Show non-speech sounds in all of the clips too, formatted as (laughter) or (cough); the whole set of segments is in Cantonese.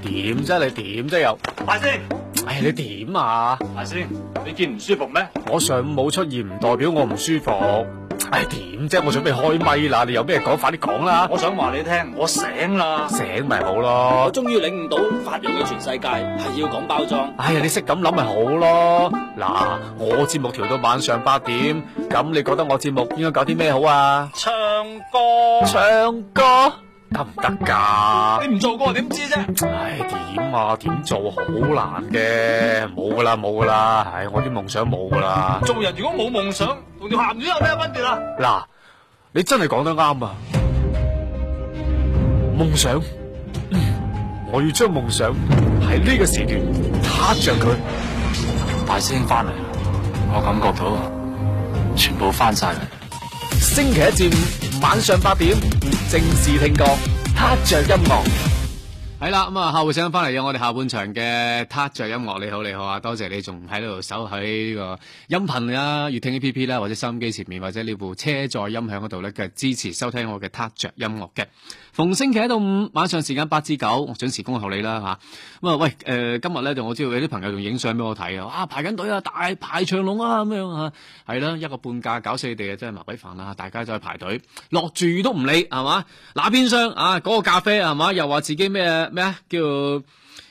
點啫？你點啫又？快先！哎，你點啊？快先！你見唔舒服咩？我上午冇出現唔代表我唔舒服。哎，點啫？我準備開咪啦，你有咩講？快啲講啦！我想話你聽，我醒啦，醒咪好咯。我終於領悟到，發揚嘅全世界係要講包裝。哎呀，你識咁諗咪好咯？嗱，我節目調到晚上八點，咁你覺得我節目應該搞啲咩好啊？唱歌，唱歌。得唔得噶？你唔做過點知啫？唉、哎，點啊？點做好難嘅，冇噶啦，冇噶啦，唉、哎，我啲夢想冇噶啦。做人如果冇夢想，同條鹹魚有咩分別啊？嗱，你真係講得啱啊！夢想，我要將夢想喺呢個時段撻着佢。大聲翻嚟，我感覺到全部翻晒嚟！星期一至五晚上八點，正式聽歌。聽着音樂，係啦咁啊！客戶請翻嚟，有我哋下半場嘅踏着音樂，你好，你好啊！多謝你仲喺度守喺呢個音頻啦、月聽 A P P 啦，或者收音機前面，或者呢部車載音響嗰度咧，嘅支持收聽我嘅踏着音樂嘅。逢星期一到五晚上時間八至九我準時恭候你啦，吓，咁啊喂誒、呃、今日咧就我知道有啲朋友仲影相俾我睇啊，排隊啊排緊隊啊大排長龍啊咁樣啊係啦一個半價搞死你哋啊真係麻鬼煩啦大家再排隊落住都唔理係嘛，拿邊箱啊嗰、那個咖啡係嘛又話自己咩咩啊叫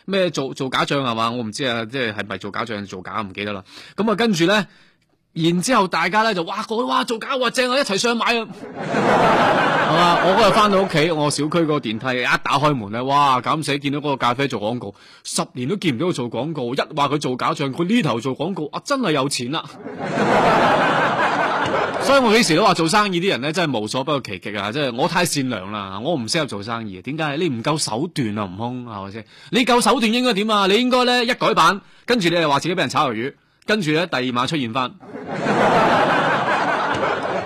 咩做做假象？係嘛我唔知啊即係係咪做假象做假唔記得啦咁啊跟住咧。然之後大家咧就哇講哇做假哇正我一齊上去買啊，係 (laughs) 嘛、啊？我嗰日翻到屋企，我小區個電梯一打開門咧，哇！咁寫見到嗰個咖啡做廣告，十年都見唔到佢做廣告，一話佢做假賬，佢呢頭做廣告，啊真係有錢啦、啊！ (laughs) 所以我幾時都話做生意啲人咧真係無所不用其極啊！即係我太善良啦，我唔適合做生意，點解？你唔夠手段啊，悟空係咪先？你夠手段應該點啊？你應該咧一改版，跟住你又話自己俾人炒魷魚。跟住咧，第二晚出現翻，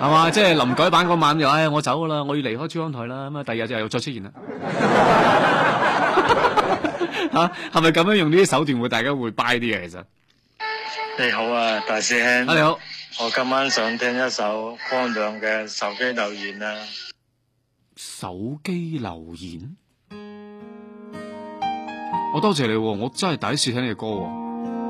係 (laughs) 嘛？即係臨改版嗰晚就，唉、哎，我走啦，我要離開珠江台啦。咁啊，第二日就又再出現啦。嚇， (laughs) (laughs) 係咪咁樣用呢啲手段會大家會 buy 啲嘢？其實，你好啊，大師兄、啊。你好，我今晚想聽一首光亮嘅手機留言啊。手機留言？我多謝你、啊，我真係第一次聽你嘅歌、啊。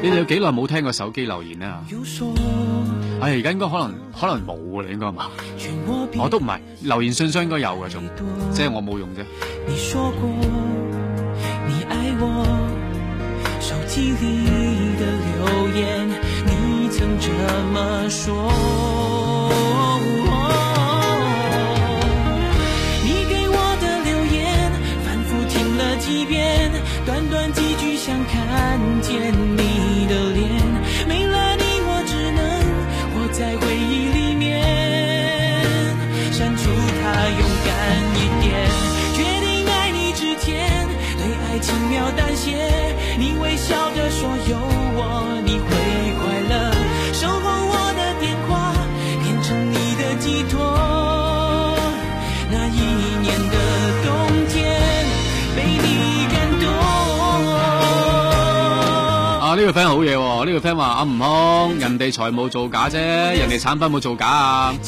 你哋有幾耐冇聽過手機留言啊有說？哎，而家應該可能可能冇喇。應該係嘛，我都唔係留言信箱應該有㗎。仲，即係我冇用啫。你說過，你愛我手機裏的留言，你曾這麼說，哦。哦哦哦哦，你給我的留言，反覆聽了幾遍，短短幾句，想看見你。你你你微笑着說有我，你會快樂守候，我的電話變成你的寄託。那一年的冬天被你感動啊，呢、這個 friend 好嘢、哦，呢、這個 friend 話阿悟空，人哋財務造假啫，人哋產品冇造假啊。唔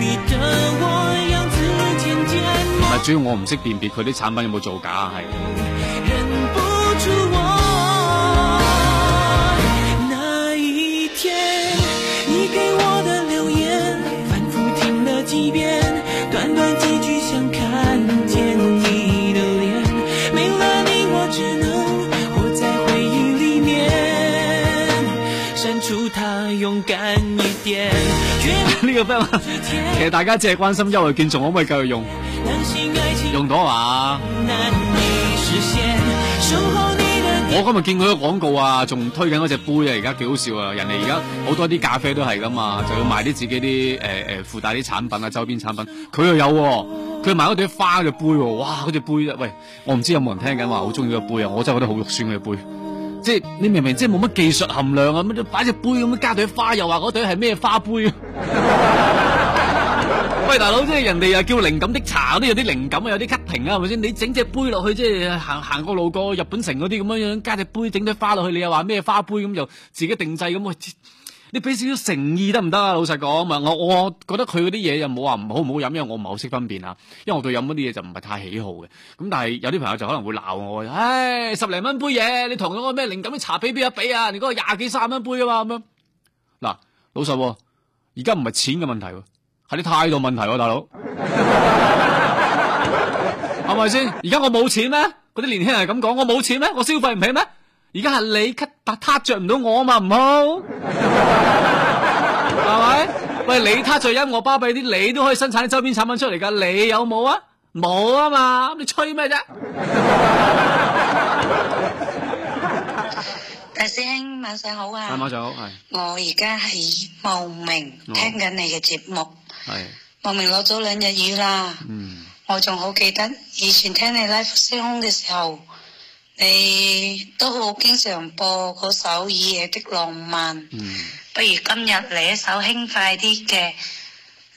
係漸漸，主要我唔識辨別佢啲產品有冇造假係。呢個不，其實大家只係關心優惠券仲可唔可以繼續用，用到啊嘛！ (music) 我今日見佢個廣告啊，仲推緊嗰隻杯啊，而家幾好笑啊！人哋而家好多啲咖啡都係噶嘛，就要賣啲自己啲誒誒附帶啲產品啊，周邊產品。佢又有、啊，佢買嗰對花嘅杯、啊，哇！嗰隻杯啊，喂，我唔知有冇人聽緊話好中意嗰杯啊！我真係覺得好肉酸嘅杯，即你明唔明即係冇乜技術含量啊，乜都擺隻杯咁加對花，又話嗰對係咩花杯、啊？ (laughs) (laughs) 喂，大佬，即係人哋又叫靈感的茶，都有啲靈感啊，有啲咳停 t t 啊，係咪先？你整隻杯落去，即係行行過路過日本城嗰啲咁樣樣，加隻杯整啲花落去，你又話咩花杯咁，又自己定製咁，你俾少少誠意得唔得啊？老實講，咪我我覺得佢嗰啲嘢，又冇話唔好唔好飲，因為我唔係好識分辨啊。因為我對飲嗰啲嘢就唔係太喜好嘅。咁但係有啲朋友就可能會鬧我，唉、哎，十零蚊杯嘢，你同咗個咩靈感的茶比比啊比啊，你嗰個廿幾卅蚊杯啊嘛咁樣。嗱，老實。而家唔係錢嘅問題，係啲態度問題，大佬係咪先？而 (laughs) 家 (laughs) 我冇錢咩？嗰啲年輕人係咁講，我冇錢咩？我消費唔起咩？而家係你結他撻着唔到我啊嘛，唔好係咪？喂，你結他再音樂巴閉啲，你都可以生產周邊產品出嚟㗎，你有冇 (laughs) 啊？冇啊嘛，咁你吹咩啫？ (laughs) 大師兄晚上好啊！晚上好，是我而家喺茂名，聽緊你嘅節目。係、哦、茂名落咗兩日雨啦、嗯，我仲好記得以前聽你 live 星空嘅時候，你都好經常播嗰首雨夜的浪漫。嗯，不如今日嚟一首輕快啲嘅，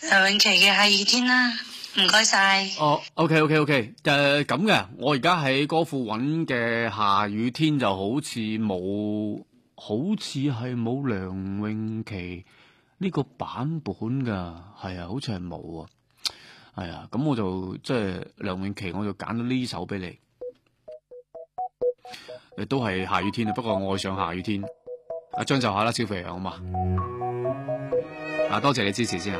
梁詠琪嘅下雨天啦。唔該晒。哦、oh，OK OK OK，誒咁嘅，我而家喺歌庫揾嘅《下雨天》就好似冇，好似係冇梁詠琪呢個版本噶，係啊，好似係冇啊，係啊，咁我就即係梁詠琪，我就揀咗呢首俾你，你都係《下雨天》啊，不過愛上《下雨天》，啊將就下啦，小肥羊好嘛，啊多謝你支持先啊。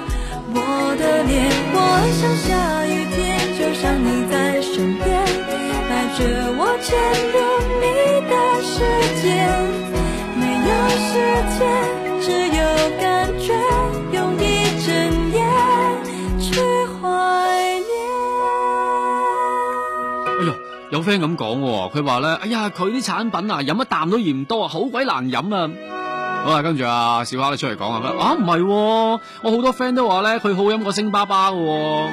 我想下雨天，就像你在身邊，帶着我進入你嘅世界，沒有時間，只有感覺，用一整夜去懷念。哎呦，有 friend 咁講喎，佢話咧，哎呀，佢啲產品啊，飲一啖都嫌多啊，好鬼難飲啊！好啦，跟住啊，小花都出嚟講啊，咩？啊唔係，我多好多 friend 都話咧，佢好飲過星巴巴喎，啊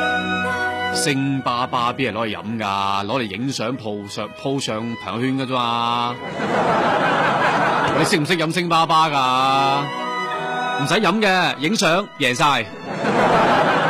嗯。星巴巴邊係攞嚟飲噶攞嚟影相鋪上鋪上朋友圈㗎啫嘛， (laughs) 你識唔識飲星巴巴噶唔使飲嘅，影相贏晒。贏 (laughs)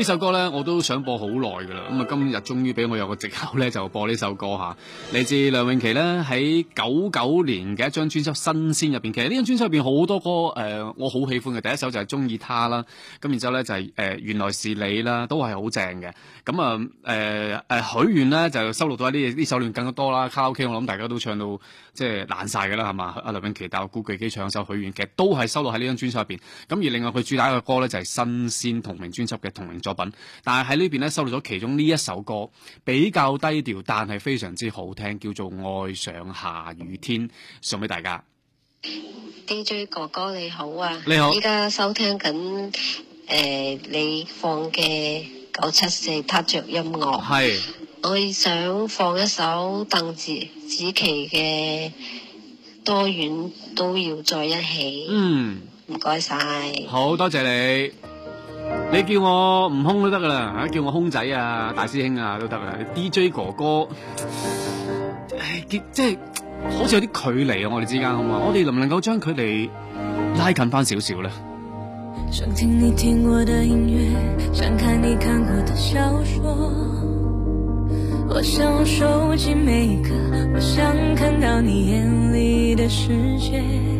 呢首歌咧，我都想播好耐噶啦，咁啊今日終於俾我有個藉口咧，就播呢首歌吓，嚟自梁詠琪咧喺九九年嘅一張專輯《新鮮》入邊。其實呢張專輯入邊好多歌誒、呃，我好喜歡嘅，第一首就係、是、中意她啦，咁然之後咧就係、是、誒、呃、原來是你啦，都係好正嘅。咁啊誒誒許願咧就收錄到呢啲啲首歌更加多啦。卡拉 O、OK、K 我諗大家都唱到即係爛晒噶啦係嘛？阿、啊、梁詠琪帶個古巨基唱首許願，其實都係收錄喺呢張專輯入邊。咁而另外佢主打嘅歌咧就係、是《新鮮》同名專輯嘅同名作。作品，但係喺呢邊咧收錄咗其中呢一首歌，比較低調，但係非常之好聽，叫做《愛上下雨天》，送俾大家。DJ 哥哥你好啊！你好，依家收聽緊誒、呃，你放嘅九七四踏着音樂，係，我想放一首鄧紫紫棋嘅《多遠都要在一起》。嗯，唔該晒，好多謝你。你叫我悟空都得噶啦，吓，叫我空仔啊、大師兄啊都得噶啦。DJ 哥哥，唉，即係好似有啲距離啊，我哋之間咁嘛，我哋能唔能夠將距離拉近返少少呢？想聽你聽過的音樂，想看你看過的小說，我想收集每一刻，我想看到你眼裏的世界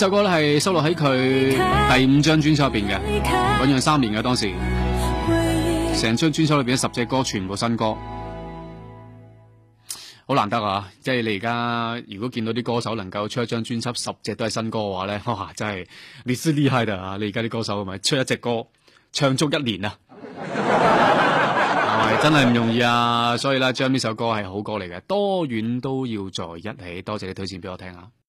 首歌咧係收錄喺佢第五張專輯入邊嘅，醞釀三年嘅當時，成張專輯裏邊十隻歌全部新歌，好難得啊！即係你而家如果見到啲歌手能夠出一張專輯十隻都係新歌嘅話咧，哇，真係你係厲害的啊！你而家啲歌手係咪出一隻歌唱足一年 (laughs) 啊？係真係唔容易啊？所以咧，將呢首歌係好歌嚟嘅，多遠都要在一起。多謝你推薦俾我聽啊。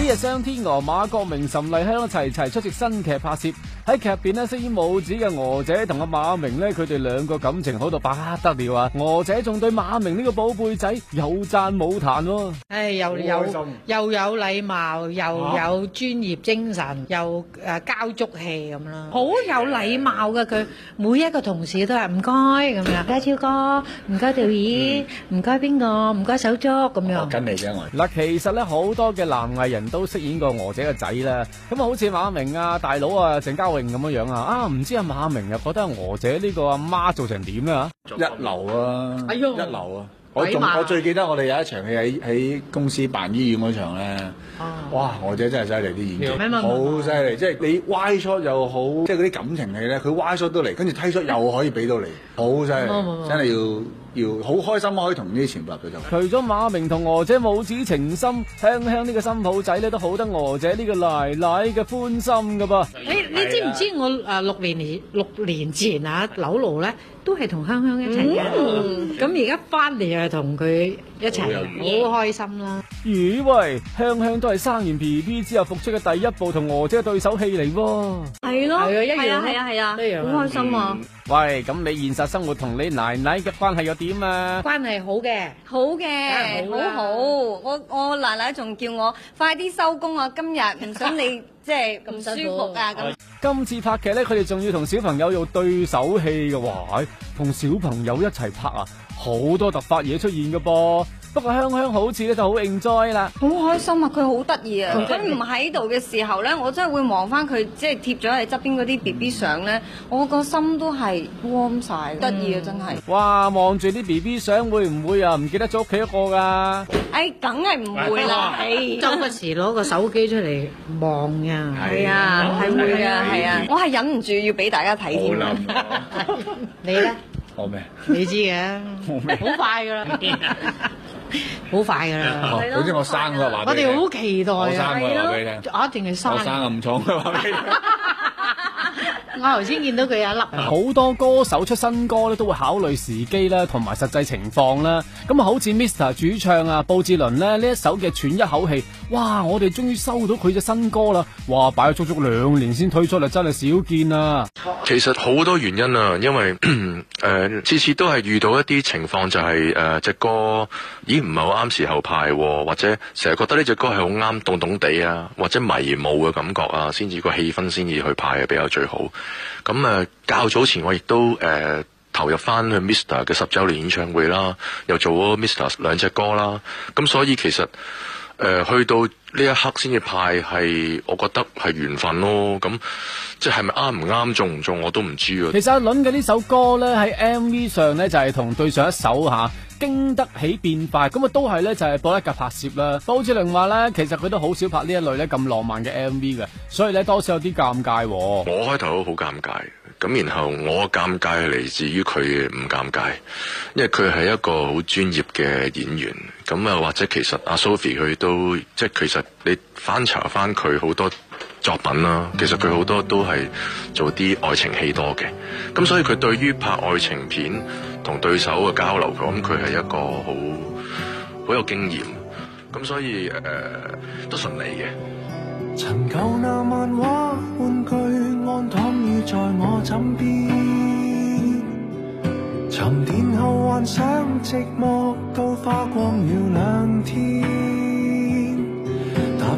呢日商天娥馬國明岑麗香齊齊出席新劇拍攝，喺劇入邊咧飾演母子嘅娥姐同阿馬明咧，佢哋兩個感情好到不得了啊！娥姐仲對馬明呢個寶貝仔有讚冇彈，誒，又又又有禮貌，又有專業精神，又誒交足戲咁啦，好有禮貌嘅佢，每一個同事都係唔該咁樣，唔該超哥，唔該導演，唔該邊個，唔該手足咁樣。跟嚟啫我。嗱，其實咧好多嘅男藝人。都飾演過娥姐嘅仔啦，咁啊好似馬明啊、大佬啊、鄭嘉穎咁樣樣啊，唔知阿、啊、馬明又覺得娥姐呢個阿媽做成點啊？一流啊，哎、一流啊！我仲我最記得我哋有一場戲喺喺公司辦醫院嗰場咧、啊，哇！娥姐真係犀利啲演技，好犀利！即係你歪出又好，即係嗰啲感情戲咧，佢歪出都嚟，跟住推出又可以俾到你，好犀利，真係要。要好開心可以同呢啲前輩對上。除咗馬明同娥姐母子情深，香香呢個新抱仔咧，都好得娥姐呢個奶奶嘅歡心噶噃。你你知唔知我誒六年前，六年前啊柳露咧都係同香香一齊嘅，咁而家翻嚟又係同佢一齊，好開心啦。咦喂，香香都係生完 B B 之後復出嘅第一部，同娥姐嘅對手戲嚟喎。係咯，係啊，係啊，係啊，好開心啊。喂，咁你現實生活同你奶奶嘅關係有點啊？關係好嘅，好嘅，好好。我我奶奶仲叫我快啲收工啊！今日唔想你即係咁舒服啊！咁今次拍劇咧，佢哋仲要同小朋友用對手戲嘅。哇！同小朋友一齊拍啊，好多突發嘢出現㗎噃。不過香香好似咧就好 enjoy 啦，好開心啊！佢好得意啊！佢唔喺度嘅時候咧，我真係會望翻佢，即係貼咗喺側邊嗰啲 B B 相咧，我個心都係 warm 晒，得意啊！真係哇，望住啲 B B 相會唔會啊？唔記得咗屋企一個噶？哎，梗係唔會啦，周不時攞個手機出嚟望呀，係啊，係會啊，係啊，我係忍唔住要俾大家睇添，你咧？我咩？你知嘅，好快噶啦。好 (laughs) 快噶啦，總之我生個話我哋好期待生啊！我一定係生過，我生咁重！我頭先見到佢有一粒。好 (laughs) 多歌手出新歌咧，都會考慮時機啦，同埋實際情況啦。咁啊，好似 Mr 主唱啊，布志倫咧呢一首嘅喘一口氣。哇！我哋終於收到佢隻新歌啦！哇，擺咗足足兩年先推出，嚟，真係少見啊！其實好多原因啊，因為誒，次次都係遇到一啲情況，就係誒隻歌，咦唔係好啱時候派喎，或者成日覺得呢隻歌係好啱凍凍地啊，或者迷霧嘅感覺啊，先至個氣氛先至去派啊，比較最好。咁誒，較早前我亦都誒投入翻去 Mr 嘅十周年演唱會啦，又做咗 Mr 兩隻歌啦。咁所以其實。誒、呃，去到呢一刻先至派，係我覺得係緣分咯。咁即係咪啱唔啱中唔中，我都唔知啊。其實阿倫嘅呢首歌咧，喺 MV 上咧就係、是、同對上一首吓。啊經得起變化，咁啊都係咧就係播一格拍攝啦。包志強話咧，其實佢都好少拍呢一類咧咁浪漫嘅 M V 嘅，所以咧多少有啲尷尬。我開頭好尷尬，咁然後我尷尬係嚟自於佢唔尷尬，因為佢係一個好專業嘅演員。咁啊或者其實阿 Sophie 佢都即係其實你翻查翻佢好多。作品啦，其實佢好多都係做啲愛情戲多嘅，咁所以佢對於拍愛情片同對手嘅交流，我諗佢係一個好好有經驗，咁所以誒、呃、都順利嘅。曾舊那漫畫玩具安躺於在我枕邊沉澱後幻想，寂寞都花光了兩天